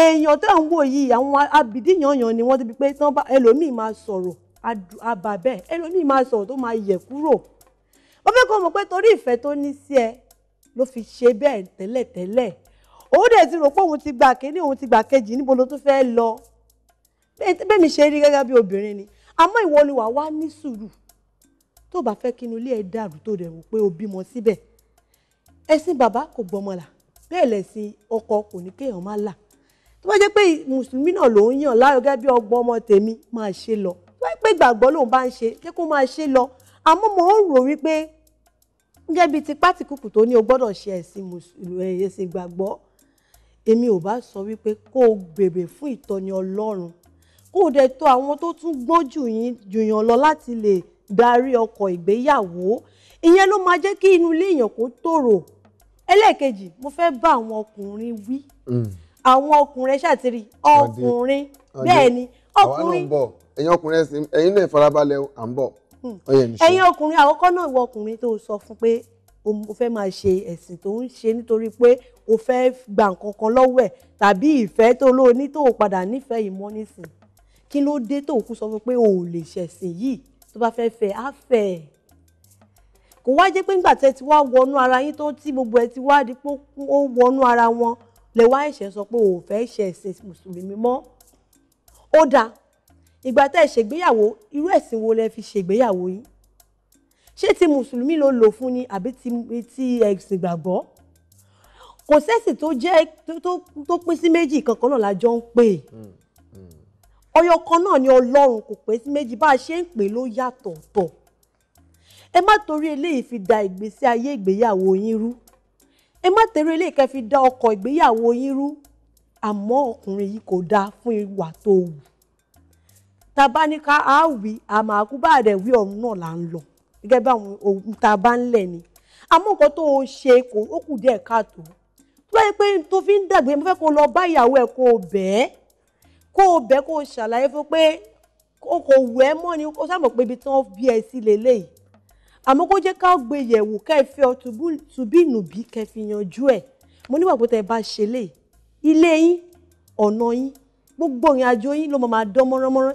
èèyàn tó ń wò yìí àwọn abìdí yanyan ni wọ́n ti bi pé tí wọ́n bá ẹlòmíì máa sọ̀rọ̀ àbà bẹ́ẹ̀ ẹlòmíì máa sọ̀rọ̀ tó máa yẹ̀ kúrò wọ́n fẹ́ kó mọ̀ pé torí ìfẹ́ tó ní sí ẹ ló fi ṣe bẹ́ẹ̀ tẹ́lẹ̀tẹ́lẹ̀ òun dẹ̀ ti rò pé òun ti gbà kíní òun ti gbà kejì níbo ló tún fẹ́ lọ bẹ́ẹ̀ mi ṣe rí gẹ́gẹ́ bí obìnrin ni àmọ́ ìwọ ni wàá wá ní sùúrù tó bá fẹ́ kí inú ilé ẹ dàrú tó dẹ̀ wò pé o bímọ síbẹ̀ ẹ̀sìn bàbá kò gbọmọlà bẹ́ẹ̀ lẹ̀sìn ọkọ kò ní kéèyàn má là tó bá jẹ́ pé mùsùlùmí náà ló ń yàn láàyò gẹ́gẹ́ bí ọgbọ́n ọmọ tèmi máa ṣe lọ tó bá jẹ́ pé gbàgbọ́ lòun bá ń ṣe jẹ́ kó máa ṣe lọ àmọ́ mo ń rò wípé gẹ́gẹ́ bíi ti pátíkùkù tó ní o gbọ́dọ̀ ṣe ẹ̀sìn mùsùlùmí ẹ̀sìn gbàgbọ́ èmi ò bá sọ wípé kó o bèrè fún ìtọ́ni ọlọ́run kó o dẹ̀ tọ̀ àwọn tó tún gbọ́n jù lọ láti lè darí ọkọ̀ ìgbéyàwó ìyẹn ló máa jẹ́ kí inú ilé èèyàn kó tòrò ẹlẹ́ẹ̀kejì mo fẹ́ bá àwọn ọkùnrin wí mm àwọn ọkùnrin ṣàtìrì ọkùnrin bẹ́ẹ̀ ni ọkùnrin ẹ̀yin ọkùnrin ẹ̀sìn ẹ̀yin náà farabalẹ̀ à ń bọ̀ hmm. ẹ̀yin ọkùnrin àkọ́kọ́ náà ìwọ ọkùnrin tó sọ fún pé o fẹ́ máa ṣe ẹ̀sìn tó ń ṣe nítorí pé o fẹ́ gba nǹkan kan lọ́wọ́ ẹ̀ tàbí ìfẹ́ tó ló ní tó padà nífẹ̀ẹ́ ìmọ̀ nísìn kí ló dé tó kú sọ fún pé o ò lè ṣẹ̀sìn yìí tó bá fẹ́ fẹ́ á fẹ́ ẹ̀ kò wá jẹ́ pé ńgbà tẹ́ ti wá wọnú ara yín tó tí gbogbo ẹ̀ ti wá di pé ó wọnú ara wọn lè wá ẹ̀ṣẹ̀ sọ pé òun fẹ́ ṣe ẹ̀sìn mùsùlùmí mọ́ ó dáa ìgbà tẹ́ ẹ ṣègbéyàwó irú ẹ̀sìn wo lẹ fi ṣègbéyàwó yín ṣé ti mùsùlùmí ló lò fún ni àbí ti ẹ̀sìn gbàgbọ́ kò sẹ́sìn tó jẹ́ tó pín sí méjì kankan náà lájọ ń pè ọyọ kan náà ni ọlọ́run kò pín sí méjì bá a ṣe ń pè ló yàtọ̀ọ̀tọ̀ ẹ má torí eléyìí fi da ìgbésí ayé ìgbéyàwó yín rú ẹ má tẹ̀rọ ilé ìkẹ́fi dá ọkọ̀ ìgbéyàwó yín rú àmọ́ ọkùnrin yìí kò dáa fún ìwà tó wù tàbá ní ká á wí àmọ́ àkúbà rẹ̀ wí ọ̀run náà là ń lọ gẹ́gẹ́ bí àwọn ohun tá a bá ń lẹ̀ ni àmọ́ nǹkan tó o ṣe kò ó kù díẹ̀ káàtó tó bá yẹ pé tó fi ń dàgbé mo fẹ́ kó lọ bá ìyàwó ẹ̀ kó o bẹ̀ ẹ́ kó o bẹ̀ kó o ṣàlàyé fún pé o kò wù ẹ́ mọ́ ni o sábà pé ibi tí wọ́n bí ẹ sí lélẹ́yìí àmọ́ kó jẹ́ ká gbé yẹ̀wò kẹfẹ́ ọ̀túnbínúbí kẹfì yanjú ẹ̀ mo nígbàgbọ́ tẹ́ ẹ bá ṣe lè ilé yín ọ̀nà yín gbogbo ìrìn àjò yín ló máa dán mọ́ránmọ́rán